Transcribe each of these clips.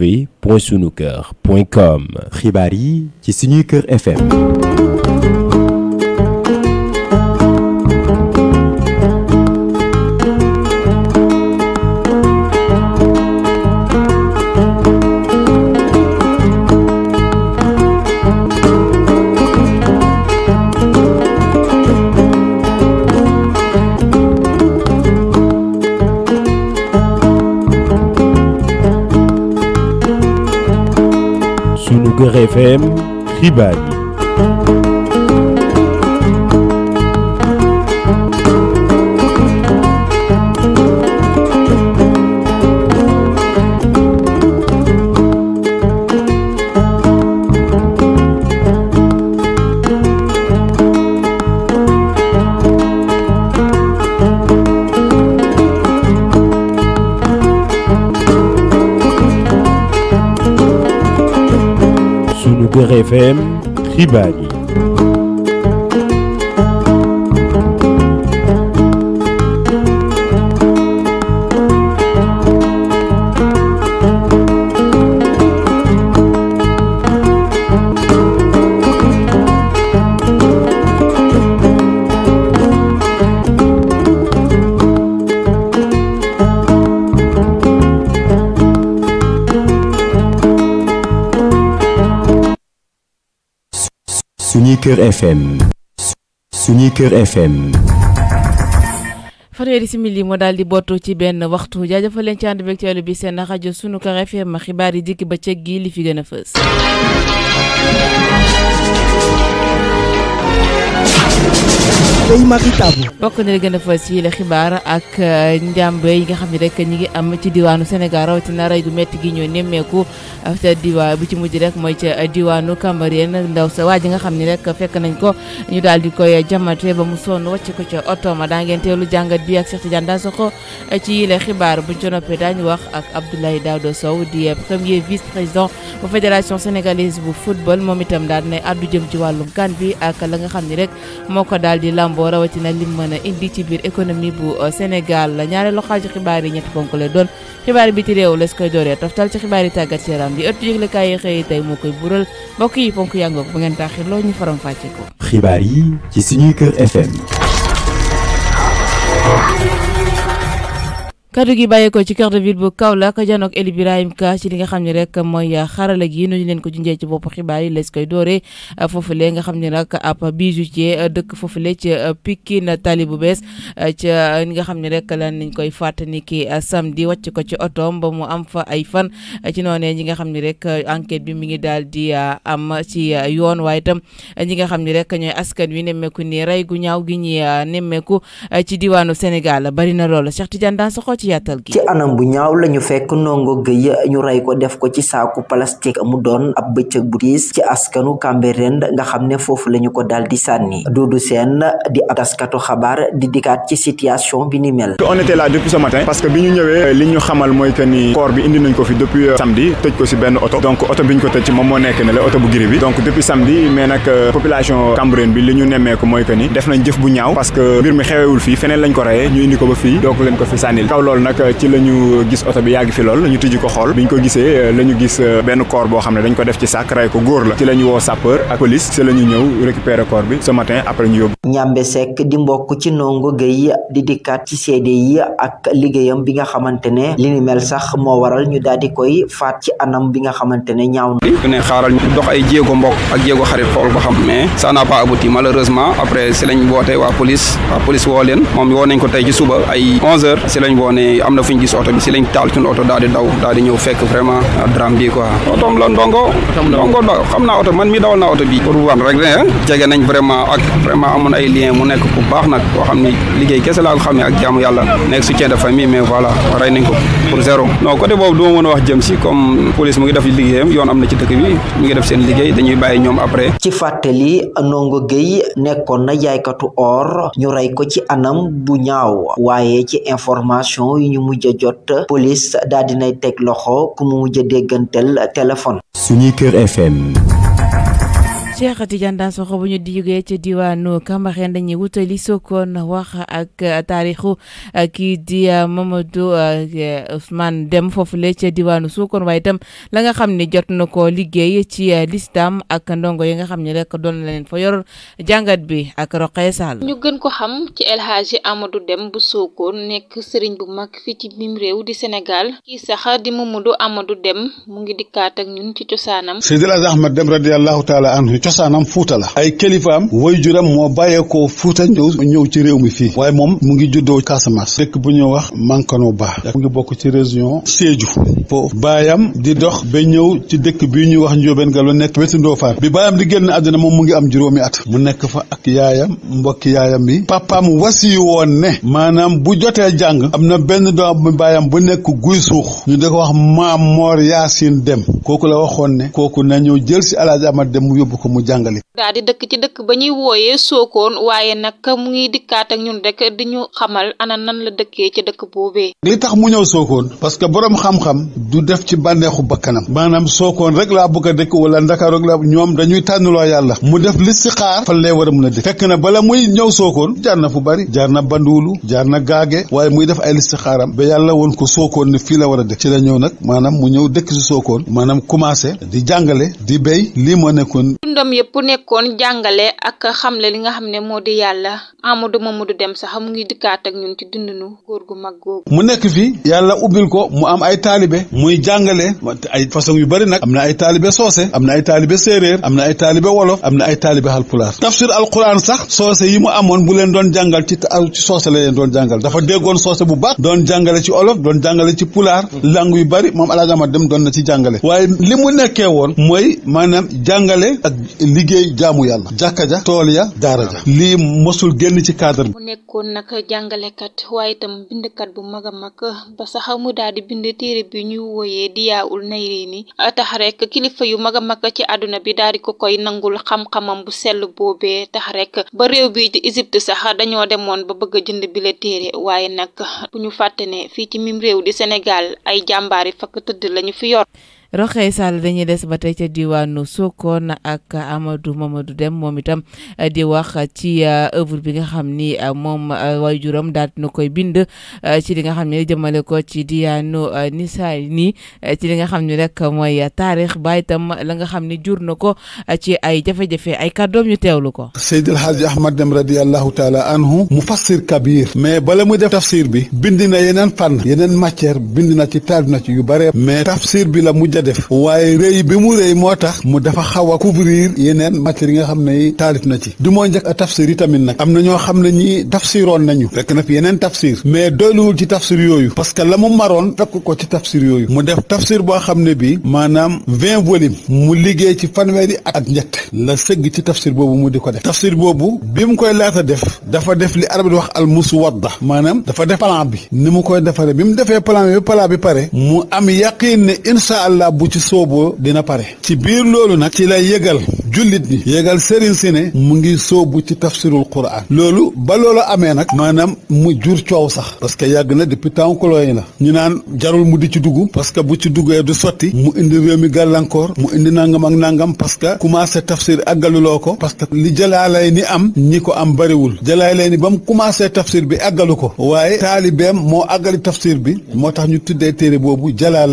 www.sunuker.com Ribari, yi FM Ribeiro. De Réveil Tribani. Sunuker FM FM fanweeri simili moo daal di bootu ci benn waxtu jaajëfal leen ci ànd beeg bi seen rajo Sunuker FM xibaar yi dikk ba cëg gi li fi gën a fës Ndeye Marie bokk na li gën a fës yi xibaar ak euh, njàmbe yi nga xam ne rek ñi ngi am ci diwaanu Sénégal rawatina rey gu métti gi ñoo nemmeeku ca euh, diwaan bi ci mujj rek mooy ca euh, diwaanu Cambérène ndaw sa waa ji nga xam ni rek fekk nañ ko ñu daal di koy jamate ba mu sonn wàcc ko ca oto ma daa ngeen teelu jàngat bi ak Cheikh Tidiane daa soxo ci yi xibaar buñ ca noppee daañu wax ak Abdoulaye Daouda Sow di premier vice président bu fédération sénégalaise bu football moom itam daal di ne addu jëm ci wàllum kan bi ak la nga xam ne rek moo daal di lamboo rawatina lim mën a indi ci biir économie bu euh, Sénégal ñaareelu xaaju xibaar yi ñetti ponk la doon xibaar bi ci réew les koy dooree toftal ci xibaar yi tàggat yaram di ëttu yëglekaay yi xëy tey moo koy bural mbokk yi ponk yaa ngoog bu ngeen taaxirloo ñu faram ko. xibaar yi ci suñuy kër FM. kaddu gi bàyyeekoo ci cœur de ville bu Kaolack janook Eli Birahim Ka ci li xam ne rek mooy ah, xarala gi nu ñu leen ko junjee ci bopp xibaar yi les koy dooree ah, foofule nga xam ne nag ab bijoutier ah, dëkk foofule ci Pikine tali bu bees ca li nga xam ne rek lan nañ koy fàttali ki samedi wàcc ko ci otoom ba mu am fa ay fan ci noonee ñi nga xam ni rek enquête bi mi ngi daal di am ci yoon waaye itam ñi nga xam ni rek ñooy askan wi nemmeeku ni rey gu ñaaw gi ñi nemmeeku ci diwaanu Sénégal bari na lool Cheikh Tidiane ci yaatal gi. anam bu ñaaw la ñu fekk Ndongo Gueye ñu rey ko def ko ci saaku plastique mu doon ab bëccëg bu diis ci askanu Cambérène nga xam ne foofu la ñu ko daal di sànni Doudou Sène di ab taskatu xabaar di dikkaat ci situation bi ni mel. on était là depuis ce parce que bi ñu ñëwee li ñu xamal mooy que ni corps bi indi nañ ko fi depuis euh, samedi tëj ko si benn oto donc oto bi ñu ko tëj moom moo nekk ne la oto bu giri bi donc depuis samedi mais nag euh, population Cambérène bi ñu nemmeeku mooy que ni def nañ jëf bu ñaaw parce que mbir mi xewewul fii feneen lañ ko reyee ñu indi ko ba fi sànnil kaw lol nak eh, ci lañu gis auto bi yàgg fi lol ñu tuju ko xol biñ ko gisé eh, lañu gis eh, ben corps bo xamné dañ ko def ci sac ray ko gor la ci lañu wo sapeur ak police ci lañu ñew récupérer corps bi ce matin après ñu yob ñambe sek di mbokk ci nongo gëy di dikkaat ci seede yi ak ligéyam bi nga xamantene li ni mel sax mo waral ñu daal di koy faat ci anam bi nga xamantene ne ñaaw na ne xaaral ñu dox ay jéego mbokk ak jéego xarit xol ba xam mais ça n'a pas abouti malheureusement après ci lañu woote waa police wa police wo len mom woo nañ ko tay ci suba ay 11 h ci lañu woone ne am na fu gis auto bi si lañ tal suñu auto daal di daw daal di ñëw fekk vraiment ah, drame bi quoi otoom la ndongo ndongo ba xam naa oto man mi dawal na auto bi pour wan rek ne ah, jege nañ vraiment ak vraiment amoon ay lien mu nekk ku baax nak ko xamni ne liggéey kese laa ko xamni ak jaamu yalla nekk soutien de famille mais voilà ray nañ ko pour zéro non côté bobu do mëna wax jëm ci comme police mu ngi def liggéeyam yoon am na ci dëkk bi mu ngi def seen liggéey dañuy bayyi ñom après ci fàttali ndongo geey nekkon na katu or ñu ray ko ci anam bu ñaaw waaye ci information information ñu mujj jot police daal dinay tek loxo ku mu mujj déggantel téléphone suñu kër fm Cheikh Tidiane Dansokho bu ñu di jógee ci diwaanu Kambareen dañuy li Sokone wax eh, ak taarixu ki di Mamadou Ousmane Deme foofule ci diwaanu Sokone waaye itam la nga xam ne jot na ko liggéey ci lislam ak ndongo yi nga xam ne rek doon na leen fa yor jàngat bi ak Roqee ñu gën ko xam ci El Hadji Amadou dem bu Sokone nekk sëriñ bu mag fii ci bim réew di Sénégal kii sax di Mamadou Amadou dem mu ngi dikkaat ak ñun ci cosaanam. Seydil Ahmad dem radiyallahu taala anhu cosaanam futa la ay kilifaam mo moo ko futa ñëw ñëw ci réew mi fii waaye moom mu ngi juddoo Casamance dëkk bu ñuy wax Mankano Ba mu ngi bokk ci région Sédhiou po bayam di dox be ñëw ci dëkk bi ñuy wax Njóobeen Gallo nekk wetu Ndofaan bi bayam di génn àddina moom mu ngi am juromi at mu nekk fa ak yaayam mbokki yaayam bi papaam wasi woon ne maanaam bu jotee jàng am na benn do bu baayam bu nekk guy suux ñu di ko wax Maam mor yasin Dem kooku la waxoon ne kooku nañu jël si Alaaji Amad Dem mu ko mu mu jàngale. daa di dëkk ci dëkk ba ñuy wooyee Sokone waaye nag mu ngi dikkaat ak ñun rek di ñu xamal ana nan la dëkkee ci dëkk boobee. li tax mu ñëw Sokone parce que borom xam-xam du def ci bànneexu bakkanam maanaam sookoon rek laa bëgg a dëkk wala Ndakaaru rek la ñoom dañuy tànnuloo yàlla mu def listixaar fan lay war a mën a dëkk fekk na bala muy ñëw Sokone jaar na fu bari jaar na Banduulu jaar na Gaage waaye muy def ay listixaaram ba yàlla woon ko Sokone ne fii la war a dëkk ci la ñëw nag maanaam mu ñëw dëkk si Sokone maanaam commencé di jàngale ñoom yëpp nekkoon jàngale ak xamle li nga xam ne moo di yàlla Amadou Mamadou Deme sax mu ngi dikkaat ak ñun ci dundinu góor gu mag googu. mu nekk ko mu am ay taalibe muy jàngale ay façon yu bari nag am na ay taalibe soose am na ay taalibe séeréer am na ay taalibe wolof am na ay taalibe halpulaar tafsir alquran sax soose yi mu amoon bu leen doon jàngal ci ci soose la leen doon jàngal dafa déggoon soose bu baax doon jàngale ci olof doon jàngale ci pulaar langue yu bari moom ma dem doon na ci jàngale waaye li mu nekkee woon mooy maanaam jàngale ak liggéey jaamu yàlla jàkka ja tool ya daara ja lii mosul génn ci cadre bi. mu nekkoon nag jàngalekat waaye itam bindkat bu mag a mag ba sax mu daal di bind téere bi ñu wooyee Diyaa'ul Nayraini tax rek kilifa yu mag a mag ci àdduna bi daal di ko koy nangul xam-xamam bu sell boobee tax rek ba réew bi ci Égypte sax dañoo demoon ba bëgg a jënd bi téere waaye nag bu ñu fàtte fii ci mim réew di senegal ay jàmbaari fakk tëdd lañu fi yor. Rokhaya Sall dañuy des ba tey ca diwaanu Sokone ak Amadou Mamadou Dem moom itam eh, di wax ci eh, œuvre bi nga xam ni eh, moom waajuram daal na koy bind ci li nga xam ne jëmale ko ci diwaanu Nisaani ci li nga xam ne rek mooy taarix ba itam la nga xam ne jur na ko ci ay jafe-jafe ay kàddoom ñu teewlu ko. Seydi El Hadji Ahmad Dem radiyallahu taala anhu mufassir kabir mais bala muy def tafsir bi bind na yeneen fànn yeneen matière bind na ci taal na ci yu bare mais tafsir bi la mujj def waye reey bi mu reey motax mu dafa xawa couvrir yenen matières nga xamné ne na ci du mo ñek tafsir tamit nak amna ño xamné ñi tafsiron nañu fek na fi yenen tafsir mais doyluwul ci tafsir yoyu parce que lamu maron maroon ko ci tafsir yoyu mu def tafsir bo xamné bi manam 20 volume mu liggé ci fanwéri ak ñet la sëgg ci tafsir bobu mu diko def tafsir bobu bi mu koy laata def dafa def li arab wax al muswadda manam dafa def plan bi ni mu koy defare bi mu defee plan bi plan bi pare mu am yaqeen ne insha allah bu ci sóoboo dina pare ci biir loolu nag ci la yëgal jullit ñi yëgal sëriñ si ne mu ngi soobu ci tafsirul quran loolu ba loolu amee nag maanaam mu jur coow sax parce que yàgg na depuis temps colon yi la ñu naan jarul mu di ci dugg parce que bu ci duggee du sotti mu indi réew mi gàllankoor mu indi nangam ak nangam parce que commencé tafsir àggaluloo ko parce que li jalaalay ni am ñi ko am bariwul jalaay lay ni ba mu commencé tafsir bi àggalu ko waaye taalibeem moo àggali tafsir bi moo tax ñu tuddee téere boobu jalaa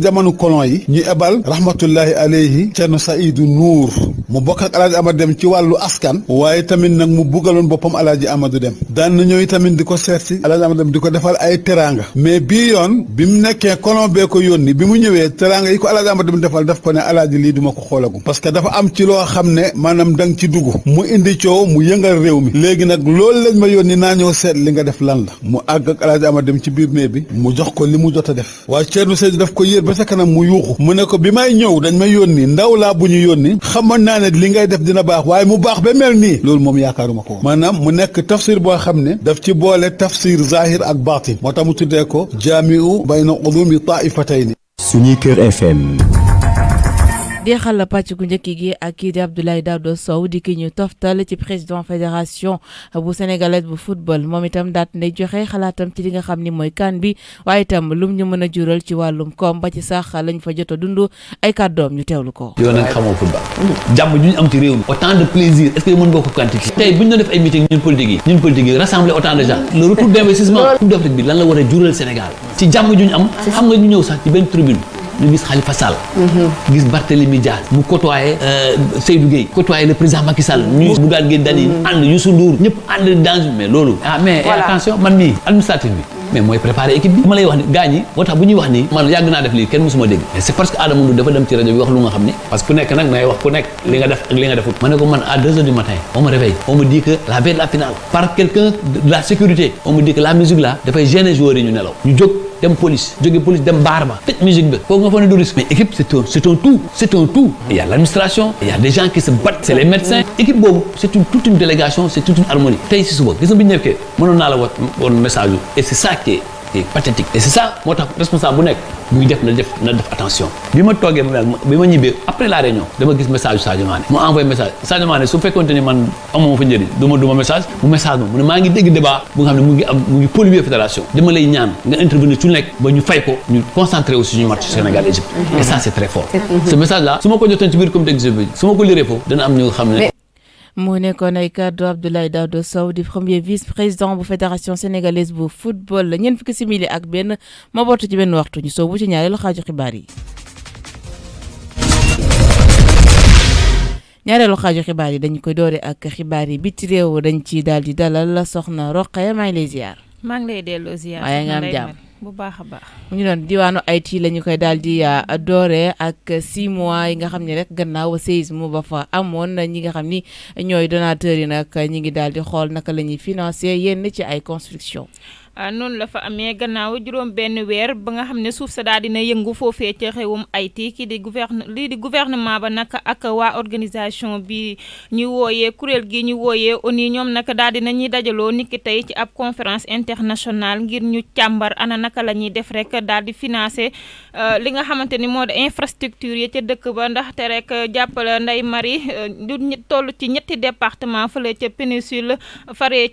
jamanu kolon colon yi ñu ebal rahmatullahi alayhi Cerno Saidu nour mu bokk ak alaaji Amadou Dem ci wàllu askan waaye tamit nag mu buggaloon boppam alaaji Amadou Dem daan na ñooy tamit di ko seet si alaaji Amadou Dem di ko defal ay teranga mais bii yoon bi mu nekkee colon bee ko yónni bi mu ñëwee teraanga yi ko alaji Amadou Dem defal daf ko ne alaaji lii duma ko xoolagu parce que dafa am ci loo xam ne maanaam dang ci dugg mu indi coow mu yëngal réew mi léegi nag loolu lañ ma yónni naa ñëw seet li nga def lan la mu àgg ak alaaji Amadou Dem ci biir mais bi mu jox ko li mu jot a def waaye Cerno Saidu daf ko yër ba sa kanam mu yuuxu mu ne ko bi may ñëw dañ may yónni ndaw laa bu ñu yónni xamoon naa ne li ngay def dina baax waaye mu baax ba mel nii loolu moom yaakaaruma ko maanaam mu nekk tafsir boo xam ne daf ci boole tafsir zahir ak baatin moo tax mu tuddee ko jaamiu bayna ulumi taifatayni suñuy kër FM jeexal pàcc gu njëkk gi ak kii di Abdoulaye Daouda Sow di ki ñu toftal ci président fédération bu sénégalaise bu football moom itam daat ne joxe xalaatam ci li nga xam ni mooy kaan bi waaye itam lum ñu mën a jural ci wàllum koom ba ci sax lañu fa jot a dund ay kàddoom ñu teewlu ko. yoo nag xamoo football. jàmm ju ñu am ci réew mi. autant de plaisir est-ce que mën nga ko quantifier. tey bu ñu doon def ay meeting ñun politique yi. ñun politique yi rassembler bi lan la war a jural Sénégal. ci jàmm ju ñu am. xam nga ñu ñëw sax ci benn tribune gis Khalifa Sall. Mhm. gis barthelemy dia mu côtoyé euh, Seydou Gueye côtoyé le président Macky Sall. ñu mhm. gal Gueye Dany and mhm. Youssou Ndour ñep and dans mais lolu ah mais attention man mi administratif bi. mais moy préparer équipe bi malay wax ni gañi yi moo bu ñuy wax ni man yag na def li kenn musuma deg c'est parce que adamou dafa dem ci radio bi wax lu nga xam parce que nek nak nay wax ku nek li nga def ak li nga defut mané ko man à 2h du matin on me réveille on me dit que la veille de la finale par quelqu'un de la sécurité on me dit que la musique là da fay gêner joueur yi ñu nelaw ñu jog dem police jóge police dem baar ba musique Pourquoi kooku nga une ne mais équipe c'est un c'est un tout c'est un tout il y a l'administration il y a des gens qui se battent c'est les médecins L'équipe, c'est toute une délégation c'est toute une harmonie tey si suba gis nga bi ñu nekkee la message et c'est ça qui est pathétique et c'est ça moo tax responsable bu nekk buy def na def na def attention bi ma toogee ba bi ma ñibbee après la réunion dama gis message Sadio Mané mu envoyé message Sadio Mané su fekkonte ni man amoo fa njëriñ duma duma message bu message ma mu ma ngi dégg débat bu nga xamné mu ngi am mu ngi polluer fédération dama lay ñaan nga intervenir ci nek ba ñu fay ko ñu concentré aussi ñu match Sénégal Égypte et ça c'est très fort ce message là suma ko jotoon ci bir comité exécutif suma su ma ko liree foofu dana am ñu xamné Mouné nekkoon ay de Abdoulaye premier vice président de la fédération sénégalaise de football la ñeent simili ak ben ma ci ben waxtu ñu soobu ci ñaareelu xaaju xibaar yi. ñaareelu de xibaar yi dañ koy doore ak xibaar yi biti réew dañ ci de dalal soxna Roqe maa ngi lay delloo ziar waaye nga bu baax a baax. mu ngi doon diwaanu Haïti la ñu koy daal di ah, doore ak 6 yi nga xam ni rek gannaaw séisme ba fa amoon ñi nga xam ni ñooy donateur yi nag ñi ngi daal di xool naka la ñuy financer yenn ci ay construction Ah, noonu la fa amee gannaaw juróom benn weer ba nga xam ne suuf sa daal dina yëngu foofee ca xewum Haïti kii di gouverne lii di gouvernement ba nag ak waa organisation bi ñu wooyee kuréel gi ñu wooyee ONU ñoom nag daal dina ñuy dajaloo niki tey ci ab conférence internationale ngir ñu càmbar ana naka la ñuy def rek daal di financer euh, li nga xamante ni moo di infrastructure yi ca dëkk ba ndaxte rek jàppale Ndeye Marie du euh, toll ci ñetti département fële ca péninsule faree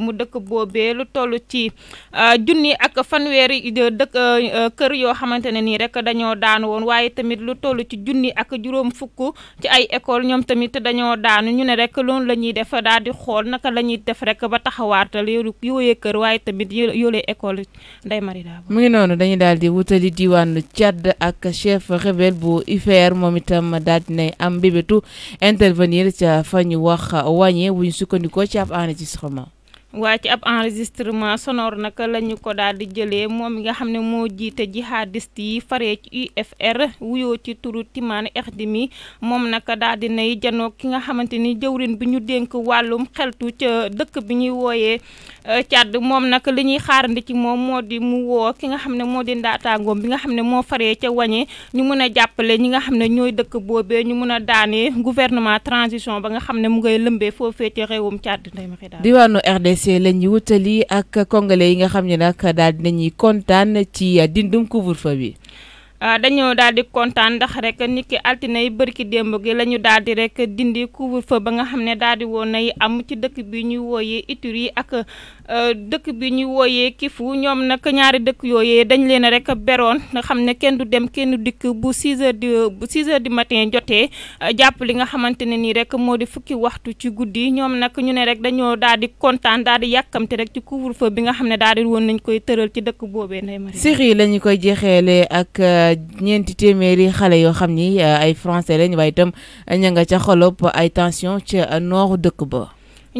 mu dëkk boobee lu toll ci ci euh, junni ak fanweeri dëkk euh, kër yoo xamante ne nii rek dañoo daanu woon waaye tamit lu toll ci junni ak juróom fukk ci ay école ñoom tamit dañoo daanu ñu ne rek loolu la ñuy def daal di xool naka lañuy def rekk ba taxawaatal yooyee kër waaye tamit yoolee école Ndeye Marie Dabo mu ngi noonu dañuy daal di wutali diwaanu Tchad ak chef rebelle bu UFR moom itam daal di nay am mbébétu intervenir ca fa ñu wax wàññe bu ñu sukkandikoo ci ab enregistrement waa ci ab enregistrement sonor naka la ñu ko daal di jëlee moom mi nga xam ne moo jiite jihadiste yi faree ci UFR wuyoo ci turu Timan mi moom nag daal di nay janoo ki nga xamante ni jëwrin bi ñu dénk wàllum xeltu ca dëkk bi ñuy wooyee. Càdd euh, moom nag li ñuy xaarandi ci moom moo di mu woo ki nga xam ne moo di ndaataangoom bi nga xam ne moo faree ca wañe ñu mun a jàppale ñi nga xam ne ñooy dëkk boobee ñu mën a daanee gouvernement transition ba nga xam ne mu ngay lëmbee foofee ca réewum Càdd ndey ma xi daal diwaanu RDC la ñuy wutali ak congolais yi nga xam ne nag daal dinañuy kontaan ci dindum couvre-feu bi Ah, dañoo daal di kontaan ndax rek ni ki altine yi bërki démb gi la ñu daal di rek dindi couvre-feu ba nga xam ne daal di woon nay am ci dëkk bi ñuy wooyee Ituri ak euh, dëkk bi ñuy wooyee Kifu ñoom nag ñaari dëkk yooyee dañ leen rek beroon nga xam ne kenn du dem kenn dikk bu 6 heures bu 6 heures matin jotee euh, jàpp li nga xamante ne nii rek moo di fukki waxtu ci guddi ñoom nag ñu ne rek dañoo daal di kontaan daal di yàkkamte rek ci couvre bi nga xam ne daal di woon nañ koy tëral ci dëkk boobee. Ndeye Marie Série la ñu koy jeexeele ak. Euh, ñeenti téeméeri xale yoo xam ni euh, ay français lañ waaye itam a nga ca xolop ay tension ca nooru dëkk ba.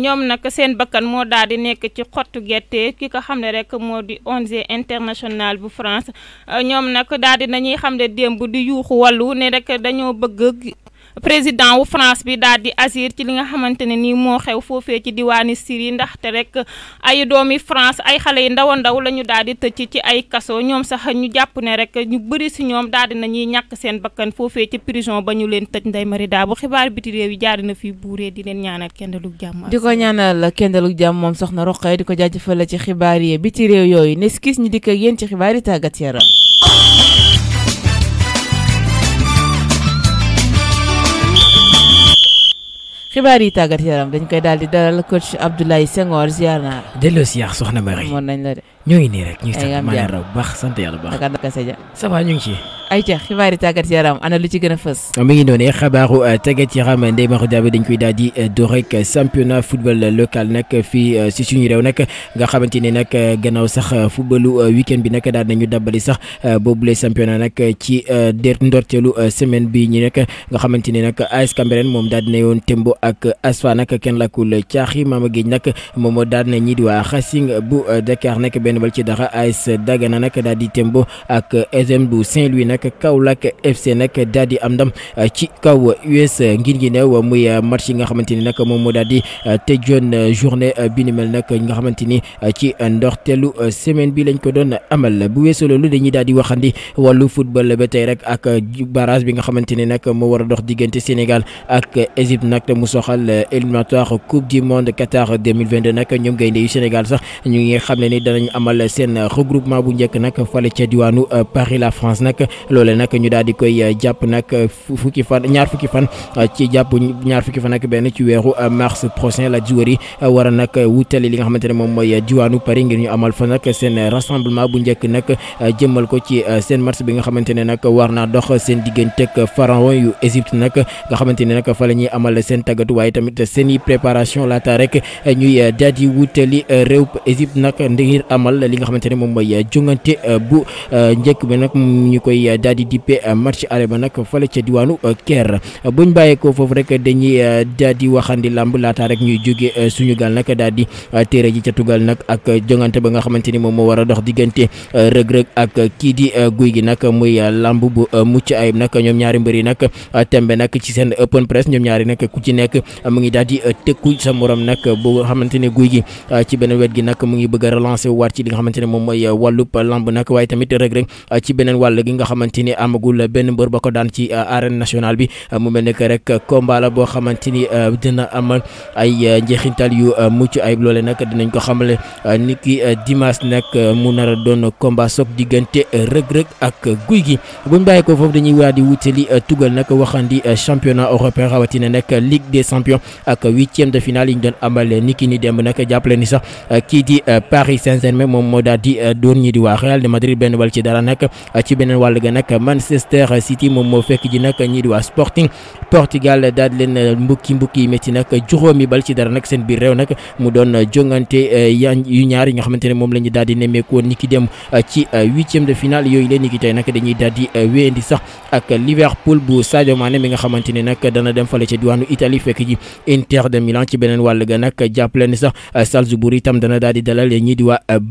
ñoom nag seen bakkan moo daal di nekk ci xottu gerte ki ko xam ne rek moo di onze international bu France euh, ñoom nag daal nañuy xam ne démb di yuuxu wàllu ne rek dañoo bëgg. président wu France bi daal di asir ci li nga xamante ne nii moo xew foofee ci diwaani Syrie ndaxte rek ay doomi France ay xale yu ndaw ndaw la ñu daal di tëcc ci ay kaso ñoom sax ñu jàpp ne rek ñu bëri si ñoom daal di nañuy ñàkk seen bakkan foofee ci prison ba ñu leen tëj mari daa Dabo xibaar biti réew yi jaari na fii buuree di leen ñaanal kendalug jàmm. di ko ñaanal kendalug jàmm moom soxna Roqe di ko jaajëfal ci xibaar yi biti réew yooyu ne skis ñu dikk ak yéen ci xibaar yi tàggat yaram xibaar yi tàggat yaram dañ koy daal di dalal coach Abdoulaye Senghor ziar naa la. delloo ziar soxna Marie. moon nañ la de. ñoo ngi nii rek ñu ngi sant maa leen raw bu baax sant yàlla bu baax naka naka Sadia ça va ñu ngi ci ay ca xibaari tàggat yaram ana lu ci gën a fës ah, mi ngi noonu xabaaru euh, tàggat yaram Ndeye Marou Diaby dañ koy daal euh, euh, si suñu réew nag nga xamante ne gannaaw sax footballu weekend bi nag daal nañu dabbali sax boobule championnat nag ci der ndorteelu semaine bi ñi nag nga xamante ne nag AS Cambérène moom daal dina yoon Tembo ak ASFA nag kenn lakkul caaxi bu Dakar nag benn handball ci dara AS Dagana nag daal di tembo ak SM bu Saint-Louis nag Kaolack FC nag daal di am ndam euh, ci kaw US ngir ngi neew muy euh, match yi nga xamante ni nag moom moo daal di euh, tëjoon journée bi ni mel nag nga xamante ni ci ndorteelu semaine bi lañ ko doon amal bu weesoo loolu dañuy daal di waxandi wàllu football ba tey rek ak barrage bi nga xamante ni nag moo war a dox diggante Sénégal ak Égypte nag mu soxal éliminatoire coupe du monde Qatar 2022 nag ñoom gaynde yu Sénégal sax ñu xam ne ni danañ amal seen regroupement bu njëkk nag fale ca diwaanu euh, Paris la France nag loole nag ñu daal koy euh, jàpp nag euh, fukki fan ñaar fukki fan ci jàpp ñaar fukki fan ak benn ci weeru mars prochain la a nag li nga xamante ne moom mooy diwaanu Paris ngir ñu amal fa nag seen rassemblement bu njëkk nag jëmmal ko ci seen match bi nga xamante ne nag war naa dox seen digganteeg pharaon yu Égypte nag nga xamante ne nag fa la ñuy amal seen tàggatu waaye tamit seen i préparation laata rek ñuy daal xamal li nga xamante mom moy euh, jongante euh, bu euh, njëkk bi nak ñukoy daldi dipé match aré ba nak fale ci diwanu Ker buñ ko fofu rek dañuy daldi waxandi lamb laata rek ñuy joggé suñu gal nak daldi téré ji ci tugal nak ak jongante ba nga xamante mom mo wara dox digënté rëg-rëg ak ki di guuy gi nak muy lamb bu mucc ayib nak ñom ñaari mbëri nak tembe nak ci sen open press ñom ñaari nak ku ci nekk mu ngi daldi di sa morom nak bu xamante guuy gi ci beneen wet gi nak mu ngi bëgg relancer ci li nga xamante ne moom mooy euh, wàllub lamb nag waaye tamit Reug Reug euh, ci beneen wàll gi nga xamante ni amagul benn mbër ba ko daan ci euh, arène nationale bi mu mel ne que rek combat la boo xamante ni dina amal ay njeexintal yu mucc ayib loole nag dinañ ko xamale ni ki dimanche nag mu nar a doon diggante Reug ak guy gi buñ bàyyi ko foofu dañuy waa di wutali tugal nag waxandi championnat européen rawatina nag ligue des ak huitième de finale yi ki ni demb nag jàppale ni sax kii di Paris saint moom moo daal di euh, dóor ñi di waa Real de Madrid benn bal ci dara nag euh, ci beneen wàll ga nag Manchester City moom moo fekk ji nag ñi di waa Sporting Portugal daal di leen euh, mbukki mbukki métti nag juróomi bal ci dara nag seen biir réew nag mu doon jongante yu ñaar yi nga xamante moom la ñu di nemmeeku woon ni ki dem ci huitième de finale yooyu leen ni ki tey nag dañuy daal di wéyandi sax ak Liverpool bu Sadio Mané mi nga xamante ne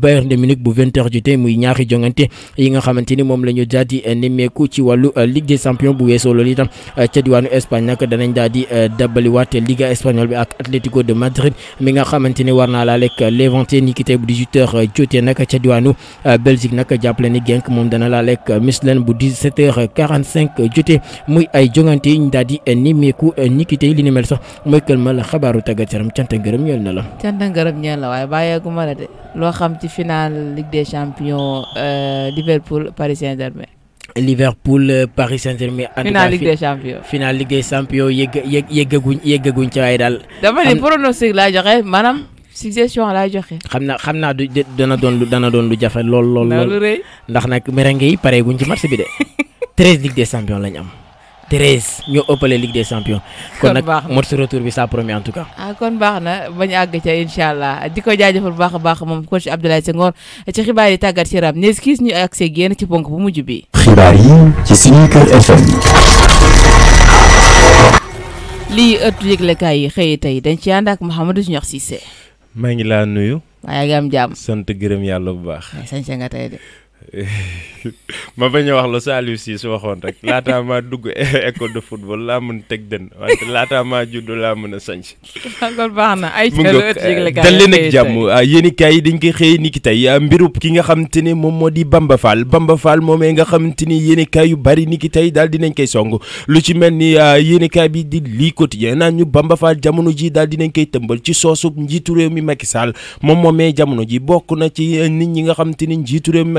Bayern de Munich bu 20h jotee muy ñaari jongante yi nga xamante ni moom la ñu daal di eh, nemmeeku ci wàllu eh, Ligue des champions bu weesoo loolu itam eh, ca diwaanu Espagne nag danañ daal di dabaliwaat Liga espagnole bi ak Atlético de Madrid mi nga xamante ni war naa lekk Levante ni bu 18 jotee nag ca Belgique nag jàppale ni Genk moom dana la lekk Mechelen bu 17h45 jotee muy ay jongante yi ñu daal di nemmeeku ni ki tey li ni mel sax mooy ma la xabaaru tàggat yaram cant ngërëm ñeel na la. cant ngërëm ñeel na finale Ligue des Champions euh, Liverpool Paris Saint-Germain. Liverpool euh, Paris Saint-Germain. finale Ligue des Champions. finale Ligue des Champions yeg yeg yegg yeg guñ ci way dal. dama ne pronostic la joxe manam suggestion la joxe. Xamna xamna du dana don lu dana don lu jafé lol lol lool ndax nak merengue yi guñ ci match bi dé. 13 Ligue des Champions lañ am. treize ñoo ëppale Ligue des Champions. kon nag match retour bi sa promet en tout cas. ah kon baax na bañ àgg ca incha allah di ko jaajëfal baax a baax moom coach Abdoulaye Senghor ci xibaar yi tàggat yaram nees kiis ñu ak see génn ci ponk bu mujj bi. xibaar yi ci suñu Kër FM. lii ëttu yëglekaay yi xëy tey dañ ci ànd ak Mouhamadou Niakh Cissé. maa ngi laa nuyu. waaye nga am jàmm. sant gërëm yàlla bu baax. waaye sañ nga tey de. ma bañ a wax la Saliou Ciss waxoon rek laataa maa dugg école de football laa mën teg dën wante laataa maa judd laa mën a sañ. baax na ay dal nag jàmm ah, yéen i kaay yi dañ koy xëy ni ki tey ah, mbirub ki nga xamante ne moom moo di Bamba Fall Bamba Fall nga xamante ni yéen yu bari ni ki tey daal dinañ koy song lu ci mel ni ah, yéen bi di lii quotidien naan ñu Bamba Fall jamono ji daal dinañ koy tëmbal ci soosu njiitu réew mi Macky Sall moom moomee jamono ji bokk na ci eh, nit ñi nga xamante ni njiitu réew mi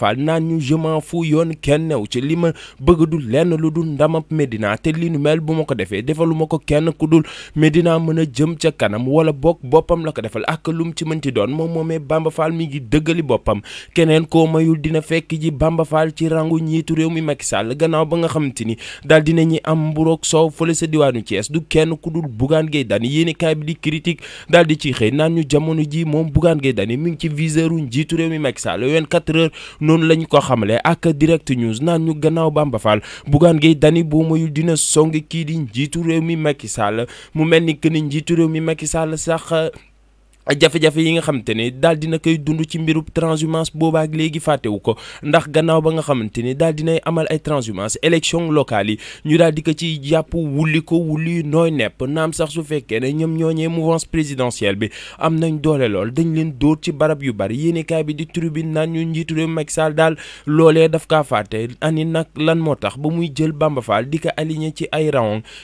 Bamba naan ñu je fu yoon kenn new ci li ma bëgg dul lenn lu dul ndama Medina te li nu mel bu ma ko defee defaluma ko kenn ku dul Medina mën a jëm ca kanam wala boog boppam la ko defal ak lu mu ci mën ci doon moom moomee Bamba Fall mi ngi dëggali boppam keneen koo mayul dina fekk ji Bamba Fall ci rangu njiitu réew mi Macky Sall gannaaw ba nga xamante ni daal dina am mburoog soow fële sa diwaanu Thiès du kenn ku dul Bougane Gueye Dany yéenekaay bi di critique daal di ci xëy naan ñu jamono ji moom Bougane gee Dany mu ngi ci viseuru njiitu réew mi Macky Sall 24 heures noonu lañ ko xamale ak direct news naan ñu gannaaw Bamba Fall Bougane dani Dany boo mayul dina song kii di njiitu réew mi Macky Sall mu mel ni que ni njiitu réew mi Macky Sall sax jafe-jafe yi nga xamante ni daal dina koy dund ci mbirub transhumance boobaak léegi fàttewu ko ndax gannaaw ba nga xamante ni daal dinay amal ay transhumance élection locale yi ñu daal di ko ci jàpp wulli ko wulli nooy nepp naam sax su fekkee ne ñoom ñooñee mouvance présidentielle bi am nañ doole lool dañ leen dóor ci barab yu bari yéenekaay bi di tribune naan ñu njiitu réew Macky Sall daal loolee daf kaa fàtte ani nag lan moo tax ba muy jël Bamba Fall di ko aligné ci ay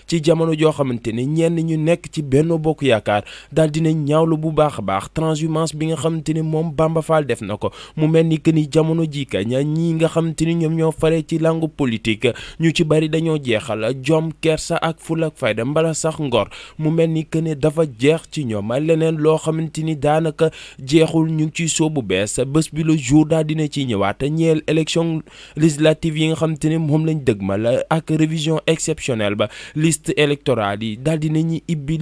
ci jamono joo xamante ni ñenn ñu nekk ci Benno Bokk Yaakaar daal dinañ ñaawlu bu baax baax a baax transhumance bi nga xamante ni moom Bamba Fall def na ko mu mel ni que ni jamono jii ka ña ñii nga xamante ni ñoom ñoo fare ci langue politique ñu ci bari dañoo jeexal jom kersa ak fula ak fayda mbala sax ngor mu mel ni que ne dafa jeex ci ñoom a leneen loo xamante ni daanaka jeexul ñu ngi ciy bu bees bés bi le jour daal dina ci ñëwaat ñeel élection législative yi nga xamante ni moom lañ dëgmal ak révision exceptionnelle ba liste électorale yi daal dinañu ibbi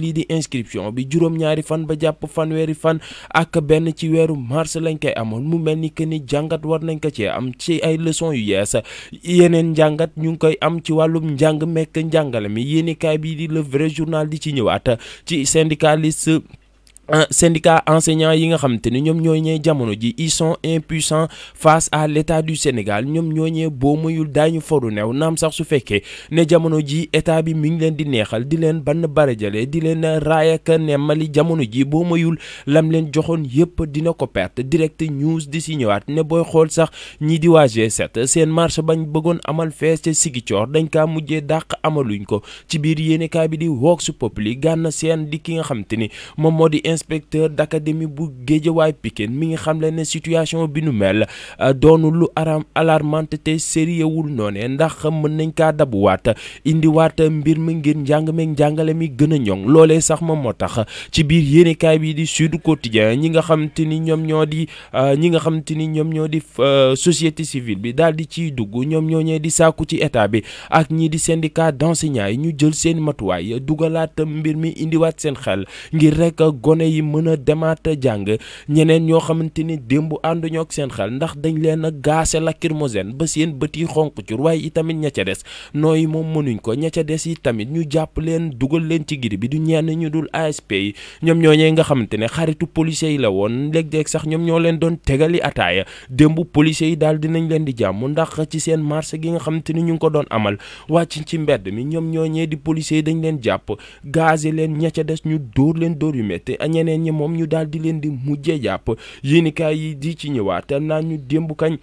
ba fanweeri fan ak benn ci weeru mars lañ koy amoon mu mel ni que ni jàngat war nañ ko ci am ci ay leçon yu yees yeneen njàngat ñu ngi koy am ci wàllum njàng mekk njàngale mi yéenekaay bi di le vrai journal di ci ñëwaat ci syndicaliste syndicat enseignants yi nga xamante ni ñoom ñoo ñee jamono ji ils sont impuissants face à l'état du Sénégal ñoom ñoo ñee boo mayul daañu foru new naam sax su fekkee ne jamono ji état bi mi ngi leen di neexal di leen ban barajale di leen raayaka nemmali jamono ji boo mayul lam leen joxoon yëpp dina ko perte direct news di si ñëwaat ne booy xool sax ñii di waa g seen marche bañ bëggoon amal fees ca Sigicoor dañ kaa mujjee dàq amaluñ ko ci biir yéenekaay bi di Vox Populi gànn seen di inspecteur d'académie bu Géejawaay Pikine mi xam xamle ne situation bi nu mel euh, doonu lu aram alarmante te sérieuxwul noone ndax mën nañ kaa dabuwaat indiwaat mbir mi ngir njàng meeg mi gën a ñoŋ loolee sax moom moo tax ci biir yéenekaay bi di Sud Quotidien ñi nga xamante ni ñoom ñoo di euh, ñi nga xamante ni ñoom ñoo di euh, société civile bi daal di ciy dugg ñoom ñoo ñee di sàkku ci état bi ak ñii di syndicat d'enseignants yi ñu jël seen matuwaay dugalaat mbir mi indiwaat seen xel ngir yi mën a demaat jàng ñeneen ñoo xamante ni démb ànduñoo ak seen xel ndax dañ leen a gaase lacrymogène ba seen bët yi xonq cur waaye itamit ña ca des nooy moom mënuñ ko ña ca des yi tamit ñu jàpp leen dugal leen ci giri bi du ñenn ñu dul ASP yi ñoom ñooñee nga xamante ne xaritu policiers la woon léeg-léeg sax ñoom ñoo leen doon tegali ataaya démb policiers yi daal dinañ leen di jàmm ndax ci seen marché gi nga xamante ni ñu ngi ko doon amal ci mbedd mi ñoom ñooñee di policiers yi dañ leen jàpp yu métti ñeneen ñi moom ñu daal di leen di mujjee jàpp yéenikaay yi di ci ñëwaat naan ñu démb kañ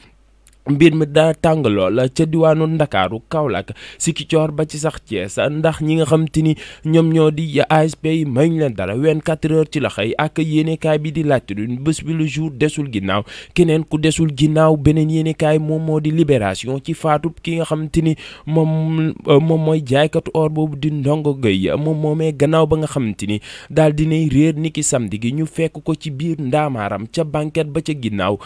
mbir mi daa tàng lool ca diwaanu ndakaaru Kaolack Sikicoor ba ci sax Thiès ndax ñi nga xam te ni ñoom ñoo di ASP yi may leen dara 24 heures ci la xëy ak yéenekaay bi di La Tribune bés bi le jour desul ginnaaw keneen ku desul ginnaaw beneen yéenekaay moom moo di Libération ci faatu ki nga xam te ni moom euh, moom mooy jaaykatu or boobu di Ndongo Gueye moom moomee gannaaw ba nga xam te ni daal dinay réer niki samedi gi ñu fekk ko ci biir ndaamaaram ca banquette ba ca ginnaaw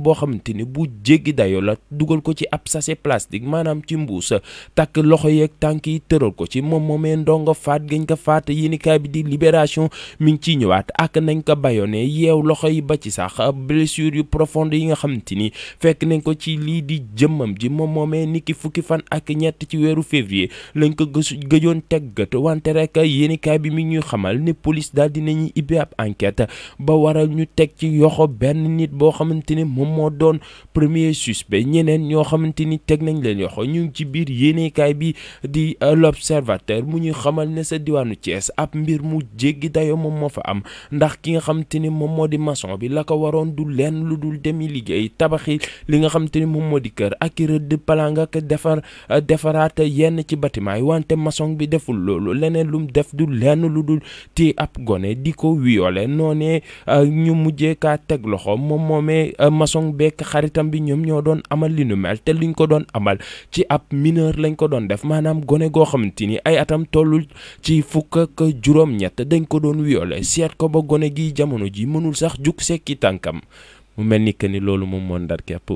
boo xam ni bu jéggi dayoo la dugal ko ci ab sachet plastique maanaam ci mbuus takk loxo yeeg tànk yi tëral ko ci moom moomee ndongo faat gañ ko faat yéenikaay bi di libération mi ngi ciy ñëwaat ak nañ ko bayone yeew loxo yi ba ci sax blessure yu profonde yi nga xamante ni fekk nañ ko ci lii di jëmmam ji moom moomee niki fukki fan ak ñett ci weeru février lañ ko gësu gëjoon teggat wante rek yéenikaay bi mi ñuy xamal ni police daal dinañuy ibbi ab enquête ba waral ñu teg ci yoxo benn nit boo xamante ni moom moo doon premier suspect ñeneen ñoo xamante ni teg nañ leen yoxo ñu ngi ci biir yéenekaay bi di euh, l'observateur mu ñuy xamal ne sa diwaanu Thiès ab mbir mu jéggi dayo moom moo fa am ndax ki nga xamante ni moom moo di maçon bi la ko waroon du leen lu dul demi liggéey tabaxi li nga xamante ni moom moo di kër ak rëdd palang ak defar euh, defaraat yenn ci bâtiment yi wante maçon bi deful loolu leneen lum def du lenn lu dul ti ab gone di ko wiyoole noonee euh, ñu mujjee teg loxo moom moomee maçon xaritam bi ñoom ñoo doon amal li nu mel te luñ ko doon amal ci ab mineur lañ ko doon def maanaam gone goo xamante ni ay atam tollul ci fukk ak juróom-ñett dañ ko doon wiyoole seet ko ba gone gi jamono ji mënul sax jug sekki tànkam mu mel ni que ni loolu moom moo ndar képp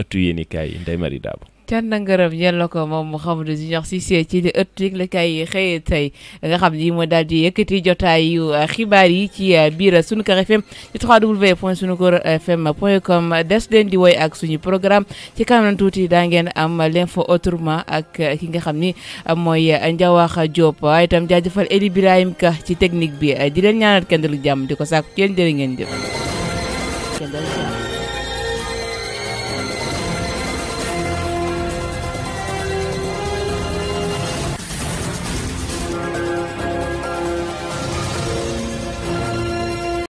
ëttu yéenikaay yi Ndeye Marie Dabo cant na ngërëm yàlla ko moom Mouhamadou Junior Cissé ci li ëtt yëglekaay yi xëy tey nga xam ni moo daal di yëkkati jotaayu euh, xibaar yi ci euh, biir Sunuker FM ci 3W point sunuker FM point com des leen di woy ak suñu programme ci kanam tuuti daa ngeen am l'info autrement ak euh, ki nga xam ni mooy Ndiawax Diop waaye itam jaajëfal Eli Birahim Ka ci technique bi di leen ñaanal kendalu jàmm di ko sàkku ci yéen jërë ngeen jëf.